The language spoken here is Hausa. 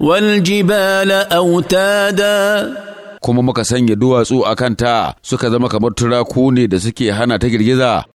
والجبال أوتادا kuma muka sanya duwatsu a kanta suka zama kamar turaku ne da suke hana ta girgiza